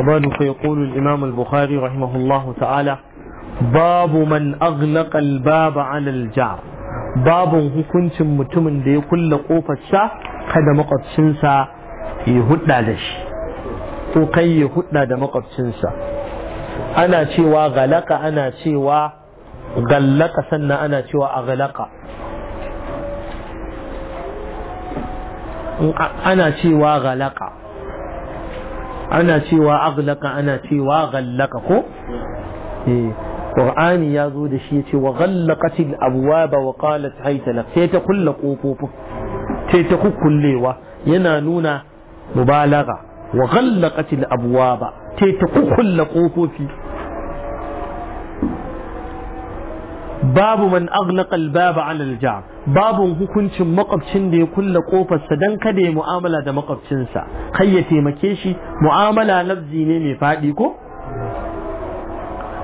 أما فيقول الإمام البخاري رحمه الله تعالى باب من أغلق الباب على الجار باب كنت متمن دي كل قوفة سا قد مقد مقبسنسا يهدى لش وكي يهدى دا مقد مقبسنسا أنا شوى غلق أنا شوى غلق سنة أنا شوى أغلق أنا شوى غلق, أنا شوى غلق أنا تيوا أغلق أنا تيوا غلق كو إيه. قرآن يا زود شيتي وغلقت الأبواب وقالت هيت لك تيتا كل قوقوق تيتا كل ينانونا مبالغة وغلقت الأبواب تيتا كل قوقوق babu man aghlaqa Babu bab 'ala al hukuncin maƙwabcin da ya kulla kofarsa dan kada ya mu'amala da makwabcinsa kai ya taimake shi mu'amala lafzi ne mai faɗi, ko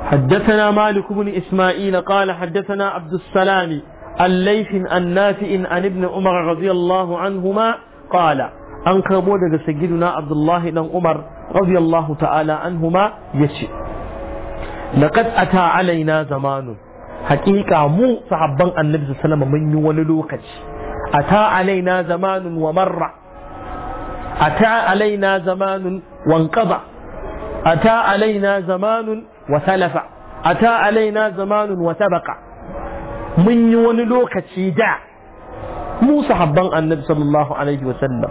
حدثنا مالك بن إسماعيل قال حدثنا عبد السلام الليث النافع عن ابن عمر رضي الله عنهما قال an karbo daga sagiduna abdullahi dan umar radiyallahu ta'ala anhuma yace laqad ata alaina zamanu haƙiƙa mu sahabban annabi sallama mun yi wani lokaci ata alaina zamanun wa marra ata alaina zamanun wanqaba ata alaina zamanun wa salafa ata alaina zamanun wa sabaqa mun yi wani lokaci da mu sahabban annabi sallallahu alaihi wa sallam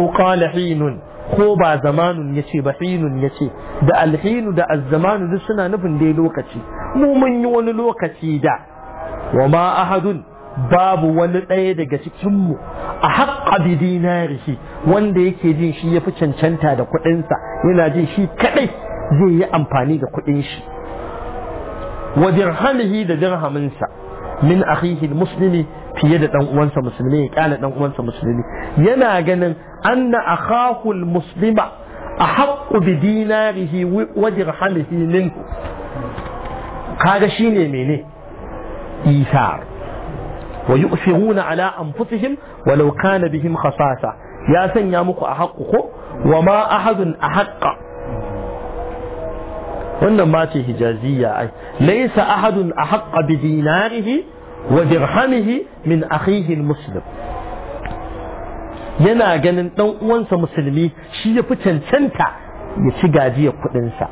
aw qala hinun ko ba zamanun yace ba hinun yace da alhinu da azzamanu duk suna nufin dai lokaci mu mun yi wani lokaci da wa ma ahadun babu wani ɗaya daga cikinmu a haƙa bi dinarihi wanda yake jin shi ya fi cancanta da kuɗinsa yana jin shi kaɗai zai yi amfani da kuɗin shi wa dirhamihi da dirhaminsa min akhihi muslimi fiye da ɗan uwansa musulmi ya ƙyale ɗan uwansa musulmi yana ganin anna akhahu muslima a haƙu bi dinarihi wa dirhamihi minhu kaga shine mene isar wa yu'thiruna ala anfusihim walau kana bihim khasasa ya sanya muku a haƙƙo ko wa ma ahadun a haƙƙa wannan ma ce hijaziyya ai laysa ahadun a haƙƙa bi dinarihi wa dirhamihi min akhihi muslim yana ganin dan uwansa musulmi shi ya fi cancanta ya ci gajiyar kuɗinsa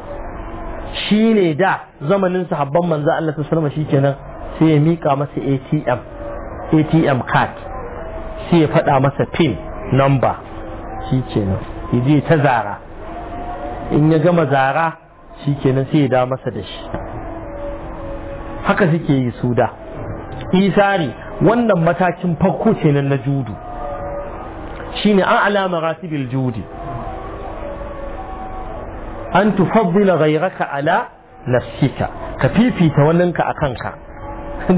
shi ne da zamanin sahabban manzo Allah ta sallama shi kenan sai ya mika masa ATM ATM card sai ya faɗa masa pin number shi kenan yaje ta zara in ya gama zara shi kenan sai ya da masa da shi haka suke yi su da isari wannan matakin farko kenan na judu shine an alama rasibil judi an tufaddila ghayraka ala nafsika ka fifita waninka a kanka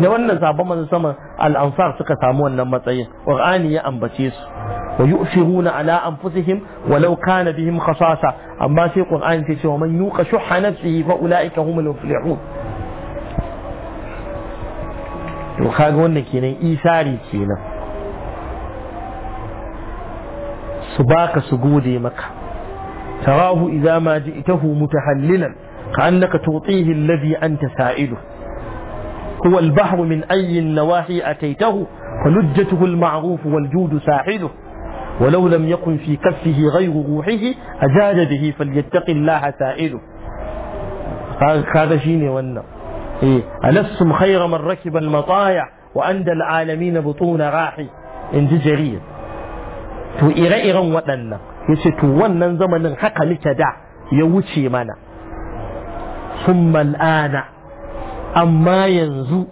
da wannan sabon manzon sama al-ansar suka samu wannan matsayin qur'ani ya ambace su wa na ala anfusihim walau na bihim khasasa amma sai qur'ani ya ce wa man yuqa shuhha nafsihi fa ulaika humul muflihun to kaga wannan kenan isari kenan su baka su gode maka تراه إذا ما جئته متحللا كأنك تعطيه الذي أنت سائله هو البحر من أي النواحي أتيته فلجته المعروف والجود ساحله ولو لم يكن في كفه غير روحه أزاد به فليتق الله سائله هذا شيني وانا إيه ألستم خير من ركب المطايع وأندى العالمين بطون راحي إن جرير تو إيرا إيرا ya ce tu wannan zamanin haka nike da ya wuce mana sun mal'ana amma yanzu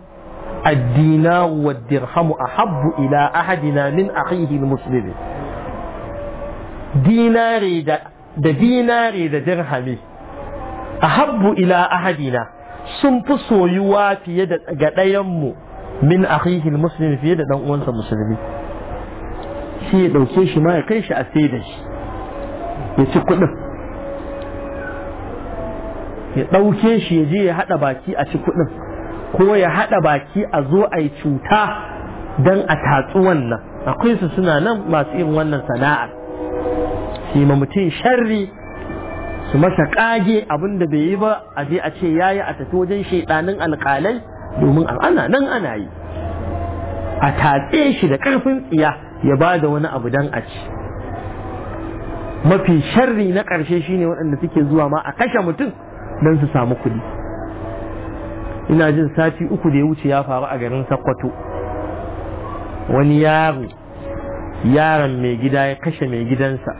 addina wa dirhamu a habbu ila ahadina min ahihin musulmi da dinare da dirhami a habbu ila ahadina sun fi soyuwa fiye ɗayan mu min ahihin musulmi fiye da ɗan'uwansa musulmi shi ya ɗauke shi ma ya kai shi a sai da shi ya ci kuɗin ya ɗauke shi ya je ya haɗa baki a ci kuɗin ko ya haɗa baki a zo a yi cuta don a tatsu wannan akwai su suna nan masu yin wannan sana'ar shi ma mutum sharri su masa ƙage abin da bai yi ba a je a ce ya yi a tafi wajen shaiɗanin alƙalai domin ana nan ana yi a tatse shi da ƙarfin tsiya ya ba da wani abu don a ci mafi sharri na ƙarshe shi ne waɗanda suke zuwa ma a kashe mutum don su samu kudi. ina jin sati uku da ya wuce ya faru a garin sakkwato wani yaro yaron mai gida ya kashe mai gidansa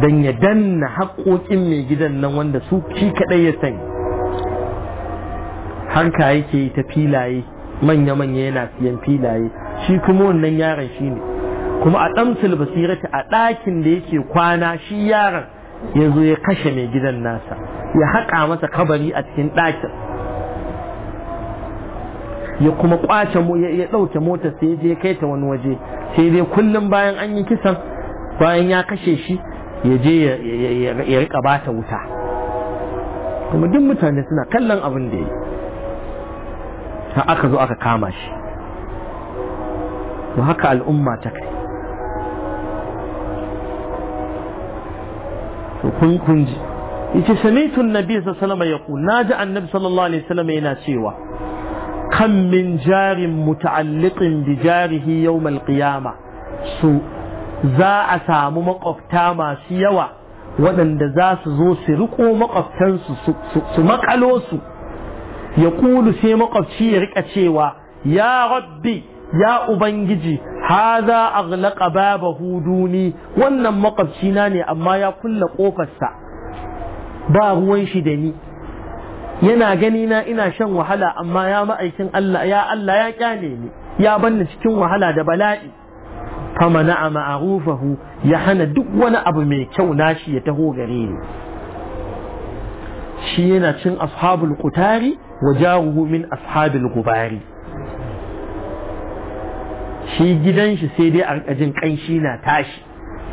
don ya danna haƙoƙin mai gidan nan wanda su shi kaɗai ya sani harka yake ta filaye manya-manya yana siyan filaye shi kuma wannan yaron shi ne kuma a ɗamsul basirati a ɗakin da yake kwana shi yaron ya zo ya kashe mai gidan nasa ya haƙa masa kabari a cikin ɗakin ya kuma kwace ya ɗauke motar sai je kai ta wani waje sai dai kullum bayan an yi kisan bayan ya kashe shi ya je ya ba bata wuta kuma duk mutane suna kallon abin da ya yi aka zo aka kama shi haka al'umma ta kai kun ji yace sami'tu an sallallahu alaihi wasallam naji annabi sallallahu alaihi wasallam yana cewa kam min jarin muta'alliqin bi jarihi yawm al su za a samu makwabta masu yawa waɗanda za su zo su riko makwabtansu su makalo su ya kulu sai makwabci ya rika cewa ya rabbi ya ubangiji haza aghlaqa babahu duni wannan makwabcina ne amma ya kulle kofarsa ba ruwan shi da ni yana gani na ina shan wahala amma ya ma'aikin Allah ya Allah ya kyale ni ya banni cikin wahala da bala'i Kama na'a ma'arufahu ya hana duk wani abu mai kyau nashi ya taho gare ni shi yana cin ashabul kutari wa jaruhu min gubari shi gidan shi sai dai a jin kanshi na tashi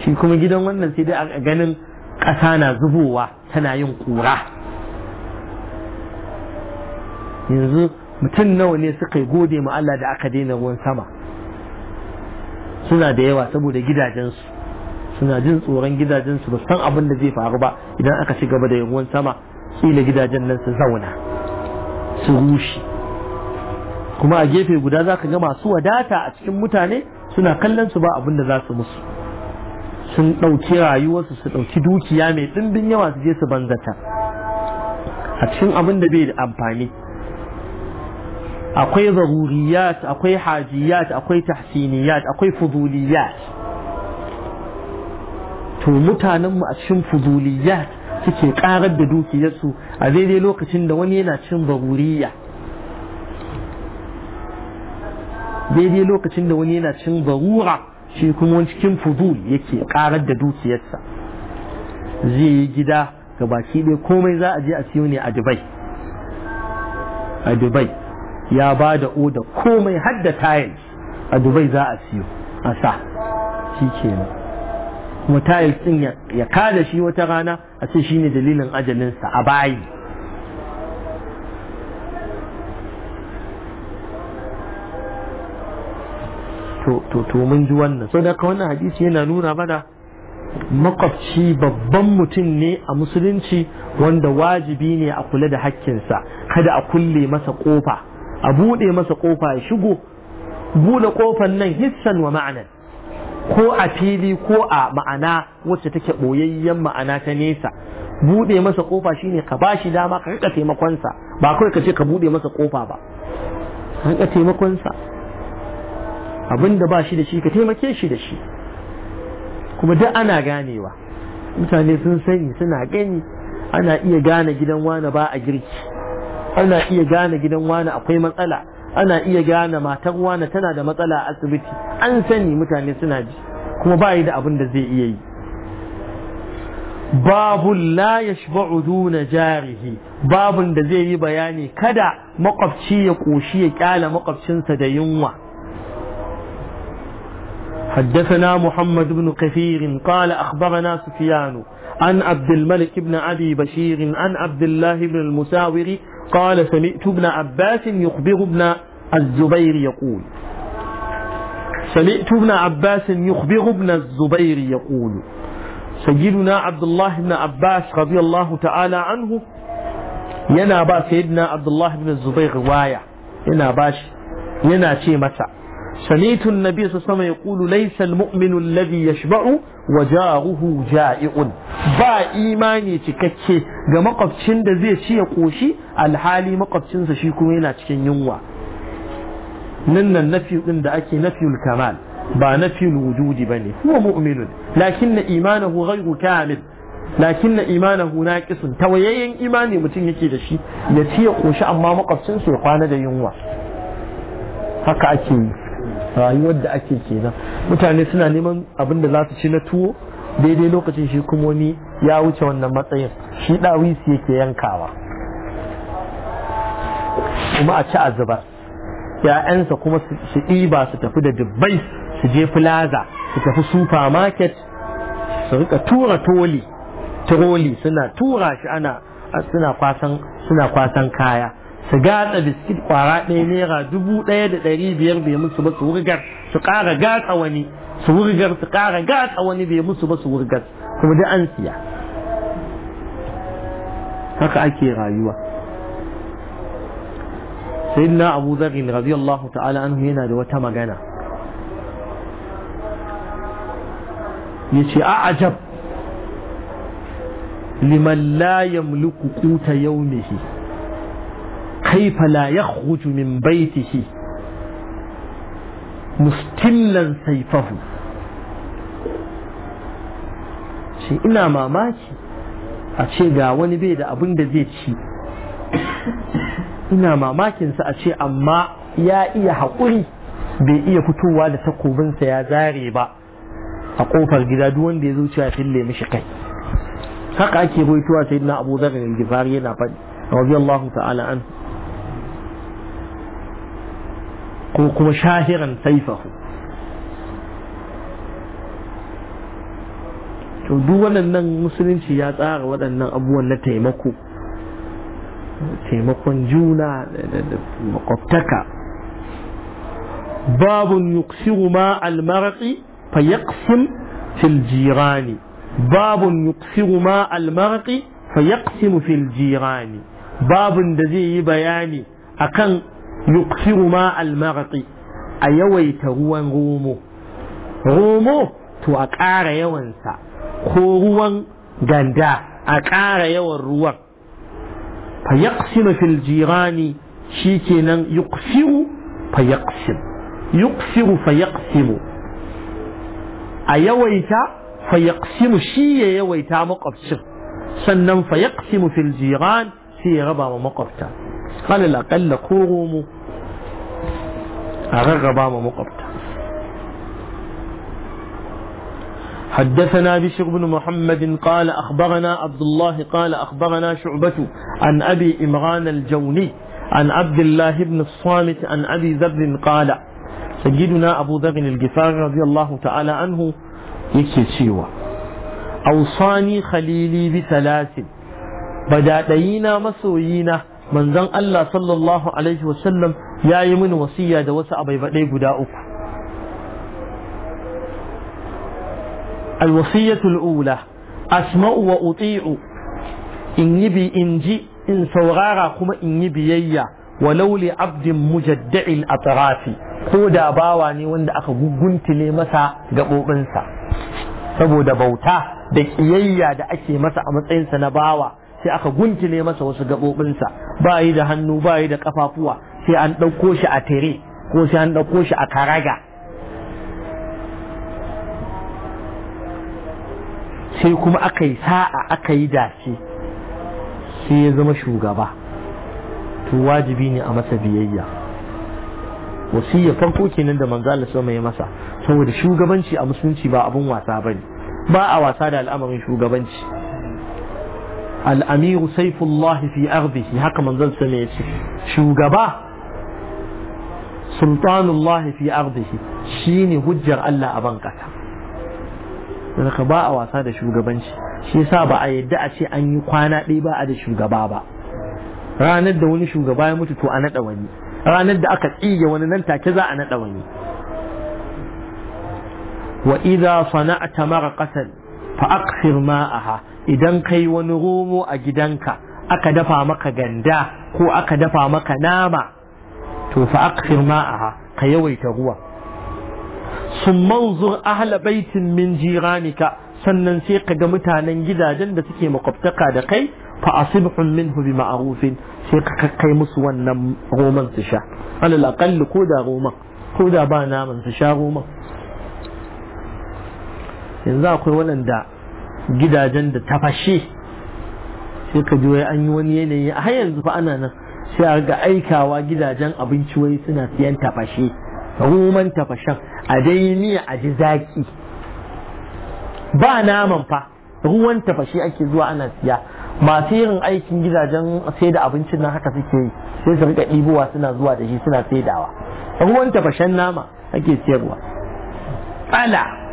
shi kuma gidan wannan sai dai a ganin ƙasa na zubowa tana yin ƙura yanzu mutum nawa ne suka yi gode ma Allah da aka daina ruwan sama suna da yawa saboda gidajensu suna jin tsoron gidajensu ba san abin da zai faru ba idan aka ci gaba da ruwan sama kila gidajen nan su zauna su rushe kuma a gefe guda za ka ga masu wadata a cikin mutane suna kallon su ba abin da za su musu sun ɗauki rayuwarsu su ɗauki dukiya mai ɗimbin yawa su je su banzata a cikin abin da bai da amfani akwai zaruriyat akwai hajiyat akwai tahsiniyat akwai fuduliyat to mu a cikin fuduliyat suke karar da dukiyarsu a daidai lokacin da wani yana cin zaruriyat daidai lokacin da wani yana cin barura shi kuma wani cikin fudul yake karar da dukiyarsa zai yi gida ga baki ɗaya komai za a je a siyo ne a dubai a dubai ya ba da oda komai har da tiles a dubai za a siyo a sa shi nan, kuma tiles ɗin ya kada shi wata rana a ce shine dalilin ajalinsa a bayi to to mun ji wannan so da wannan hadisi yana nuna mana makwabci babban mutum ne a musulunci wanda wajibi ne a kula da hakkinsa kada a kulle masa kofa a buɗe masa kofa ya shigo buɗe kofan nan hissan wa ma'anan ko a fili ko a ma'ana wacce take ɓoyayyen ma'ana ta nesa buɗe masa kofa shine ka bashi dama ka rika taimakonsa ba kawai ka ce ka buɗe masa kofa ba ka rika taimakonsa da ba shi da shi ka taimake shi da shi kuma duk ana ganewa mutane sun sani suna gani ana iya gane gidan wani ba a girki ana iya gane gidan wani akwai matsala ana iya gane matan wani tana da matsala a asibiti an sani mutane suna ji kuma ba yi da abin da zai iya yi babun la ya na jarihi babun da zai yi bayani kada makwabci ya ƙoshi ya ƙyala makwabcinsa da yunwa حدثنا محمد بن كثير قال أخبرنا سفيان عن عبد الملك بن أبي بشير عن عبد الله بن المساور قال سمعت ابن عباس يخبر ابن الزبير يقول سمعت ابن عباس يخبر ابن الزبير يقول سيدنا عبد الله بن عباس رضي الله تعالى عنه ينا با سيدنا عبد الله بن الزبير رواية ينا باش ينا شي متى سمعت النبي صلى الله عليه وسلم يقول ليس المؤمن الذي يشبع وجاره جائع با إيماني cikakke ga makwabcin da zai ci ya koshi alhali makwabcinsa shi kuma yana cikin yunwa nan nan nafi din da ake nafiyul kamal ba nafiyul wujudi bane huwa mu'minun lakinna imanahu ghayru kamil lakinna imanahu naqisun tawayayyen imani mutum yake da shi ya ci ya koshi amma makwabcinsa ya kwana da yunwa haka ake yi rayuwar da ake kenan mutane suna neman abin da za su ci na tuwo daidai lokacin shi kuma wani ya wuce wannan matsayin shi ɗawisi yake yankawa kuma a ci a zubar ‘ya'yansa kuma su ɗiba su tafi da dubbai su je plaza su tafi supermarket su rika tura toli suna tura shi ana suna kwasan kaya su gatsa biskit kwara ɗaya naira dubu ɗaya da ɗari biyar bai musu ba su wurgar su ƙara gatsa wani su wurgar su ƙara gatsa wani bai musu ba su wurgar kuma da an siya haka ake rayuwa sayyidina abu zarri radiyallahu ta'ala anhu yana da wata magana Ya yace a ajab liman la yamliku quta yawmihi kaifa la yakhruju min baitihi mustillan saifahu ce ina mamaki a ce ga wani bai da abin da zai ci ina mamakinsa a ce amma ya iya haƙuri bai iya fitowa da takobinsa ya zare ba a ƙofar gida duk wanda ya zuciya ya fille kai haka ake ruwaitowa sai na abu zarar gifari yana faɗi radiyallahu ta'ala an ko kuma shahiran saifahu to duk waɗannan musulunci ya tsara waɗannan abubuwan na taimako taimakon juna da makwabtaka babun yuksiru ma almaraki fa yaqsim fil jirani babun yuksiru ma almaraki fa yaqsim fil jirani babun da zai yi bayani akan يكثر ماء المغط أيويت هو غوم غوم تو أكار يوانسا خوروان جندا أكار يوان روا فيقسم في الجيران شيكينا يكثر فيقسم يكثر فيقسم أيويت فيقسم شي يويت مقبسم سنن فيقسم في الجيران jiran sai ya قال الأقل كورومو أغرب بابا مقبت حدثنا بشر بن محمد قال أخبرنا عبد الله قال أخبرنا شعبة عن أبي إمران الجوني عن عبد الله بن الصامت عن أبي ذر قال سيدنا أبو ذر الجفار رضي الله تعالى عنه يكي سيوة أوصاني خليلي بثلاث بدأتينا مسوينا manzon Allah sallallahu Alaihi wasallam ya yi mini wasiya da wasu abai guda uku. Alwasiyatul ula, asma'u wa uti'u in yi bi in in saurara kuma in yi biyayya wa lauli abdin mujadda'in a tsarafi ko da ne wanda aka guguntile masa ga ɓoɓinsa? saboda bauta da ƙiyayya da ake masa a matsayinsa na bawa. sai aka guntile masa wasu gaɓoɓinsa ba yi da hannu ba yi da ƙafafuwa sai an ɗauko shi a tere ko sai an ɗauko shi a karaga sai kuma aka yi sa'a aka yi dace sai ya zama shugaba to wajibi ne a masa biyayya wasiyya farko kenan da manzo Allah sama ya masa saboda shugabanci a musulunci ba abun wasa bane ba a wasa da al'amarin shugabanci al'amiru saifullahi fi ardihi haka manzon sa ne ce shugaba sultanullahi fi shi shine hujjar Allah a ban kasa ba a wasa da shugabanci shi yasa ba a yadda a ce an yi kwana ɗaya ba a da shugaba ba ranar da wani shugaba ya mutu to a naɗa wani ranar da aka tsige wani nan take za a naɗa wani wa idza sana'ta maraqatan fa ma'aha idan kai wani romo a gidanka aka dafa maka ganda ko aka dafa maka nama to fa ma'aha ka yawaita ruwa sun manzur ahla baitin min jiranika sannan sai ka ga mutanen gidajen da suke makwabtaka da kai fa asibhum minhu bi ma'rufin sai ka kai musu wannan roman su sha alal aqall ko da roman ko da ba naman su sha roman yanzu akwai waɗanda gidajen da ta fashe sai ka an yi wani yanayi a yanzu fa ana nan sai a ga aikawa gidajen abinci wai suna siyan tafashe roman tafashen a dai ni a ji zaki ba naman fa ruwan tafashe ake zuwa ana siya masu yin aikin gidajen sai da abincin nan haka suke yi sai su rika ɗibowa suna zuwa da shi suna saidawa ruwan tafashen nama ake siyarwa tsala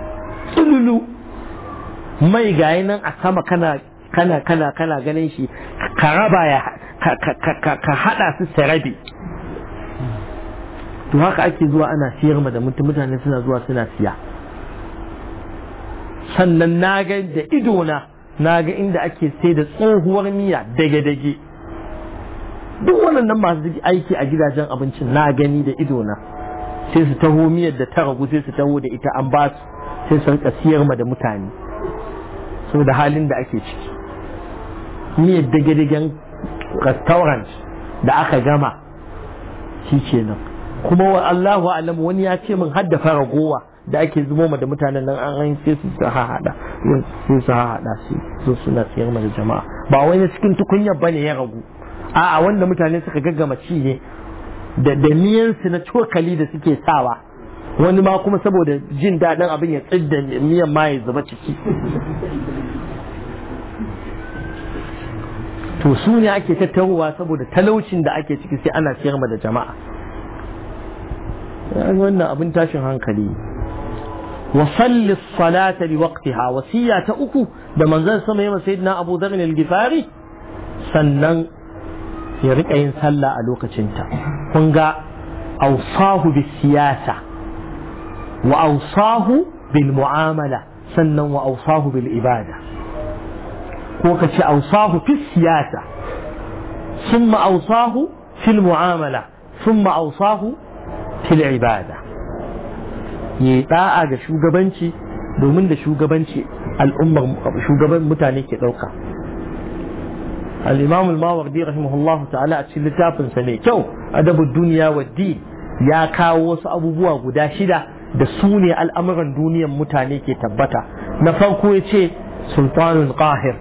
sululu mai gayi nan a sama kana kana kana ganin shi ka raba ya ka hada su sarabi to haka ake zuwa ana siyar ma da mutane suna zuwa suna siya sannan na ga da idona na ga inda ake sai da tsohuwar miya dage-dage duk waɗannan masu aiki a gidajen abincin na gani da idona sai su taho miyar da ta ragu sai su taho da ita an ba su sai sun kasiyar ma da mutane so da halin da ake ciki ni dage-dagen restaurant da aka gama shi ce nan kuma wa Allahu a'lamu wani ya ce mun hadda fara gowa da ake zubo ma da mutanen nan an an sai su ta hada sai su hada su suna siyar ma da jama'a ba wai na cikin tukunyar bane ya ragu a'a wanda mutane suka gaggama ci ne da da su na cokali da suke sawa wani ma kuma saboda jin daɗin abin ya tsidda miyan ma ya zuba ciki to su ne ake tattaruwa saboda talaucin da ake ciki sai ana siyar da jama'a wannan abin tashin hankali wa salli salata bi waqtiha wasiya ta uku da manzon sama yayin sayyidina Abu Dharr al-Ghifari sannan ya rika yin sallah a lokacinta kun ga awsahu bi siyasa وأوصاه بالمعاملة سنة وأوصاه بالإبادة وكتش أوصاه في السياسة ثم أوصاه في المعاملة ثم أوصاه في العبادة يتاعة شو قبنشي دومن شو قبنشي الأمة شو قبن متانيك دوكا الإمام الماوردي رحمه الله تعالى أتشل تابن سنة أدب الدنيا والدين يا كاوس أبو بوا قداشي da su ne al'amuran duniyan mutane ke tabbata na farko ya ce sultanul qahir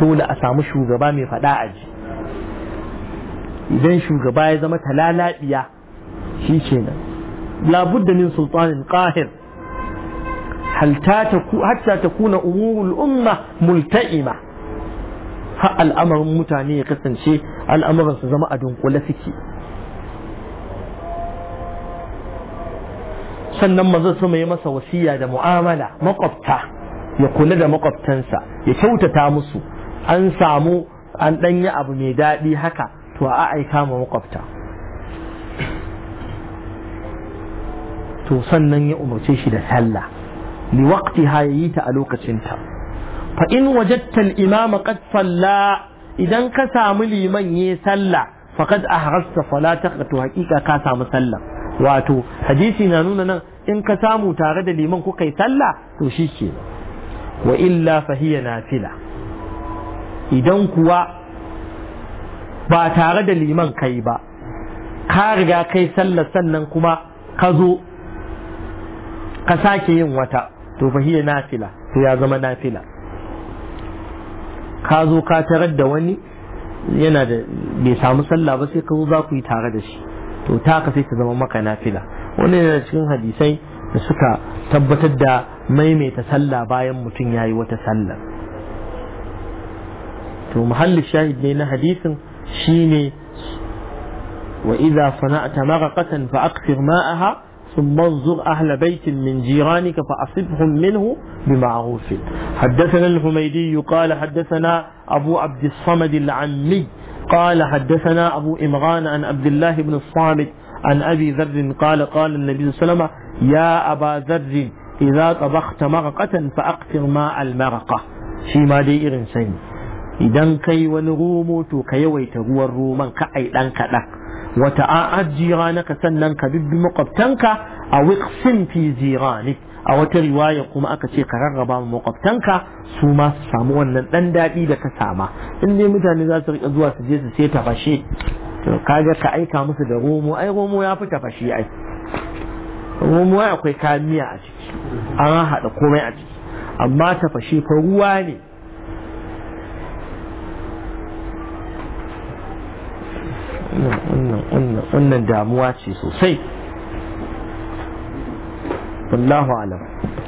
dole a samu shugaba mai faɗa aji idan shugaba ya zama talalabiya shi ce nan labudda min sultanin qahir hatta ta kuna umurul umma multa'ima har al'amarin mutane ya kasance al'amuran su zama a dunkule suke sannan manzo sama mai masa wasiya da mu'amala makwabta ya kula da makwabtansa ya kyautata musu an samu an danyi abu mai daɗi haka to a aika ma makwabta to sannan ya umarce shi da sallah li waqtiha yayi ta a lokacinta fa in wajadta al-imama qad salla idan ka samu liman yayi sallah faqad ahrasta salataka to hakika ka samu sallah wato hadisi na nuna nan in ka samu tare da liman kuka kai sallah to shi ke wa illa fahiya nafila idan kuwa ba tare da liman kai ba ka riga kai sallah sannan kuma ka zo ka sake yin wata to fahiya nafila to ya zama nafila ka zo ka tarar da wani yana da bai samu sallah ba sai ka zo za ku yi tare da shi to taka sai ta zama maka nafila wannan yana cikin hadisai da suka tabbatar da maimaita sallah bayan mutum yayi wata sallah to muhalli shahid ne na hadisin shine wa idza sana'ta maghqatan fa aqtir ma'aha ثم انظر أهل بيت من جيرانك فأصبهم منه بمعروف حدثنا الحميدي قال حدثنا أبو عبد الصمد العمي قال حدثنا أبو إمغان عن عبد الله بن الصامت عن أبي ذر قال قال النبي صلى الله عليه وسلم يا أبا ذر إذا طبخت مرقة فأقتر ماء المرقة في ما دي إرنسين إذا كي ونغومو تو كي ويتغو الرومان كأي لنك لك وتأعد جيرانك سننك ببمقبتنك أو اقسم في جيرانك a wata riwaya kuma aka ce ka rarraba ma makwabtanka su ma su samu wannan dan daɗi da ka sama in dai mutane za su rika zuwa su je su sai tafashe to kaga ka aika musu da romo ai romo ya fi tafashe ai romo akwai kamiya a ciki an haɗa komai a ciki amma tafashe fa ruwa ne wannan damuwa ce sosai والله أعلم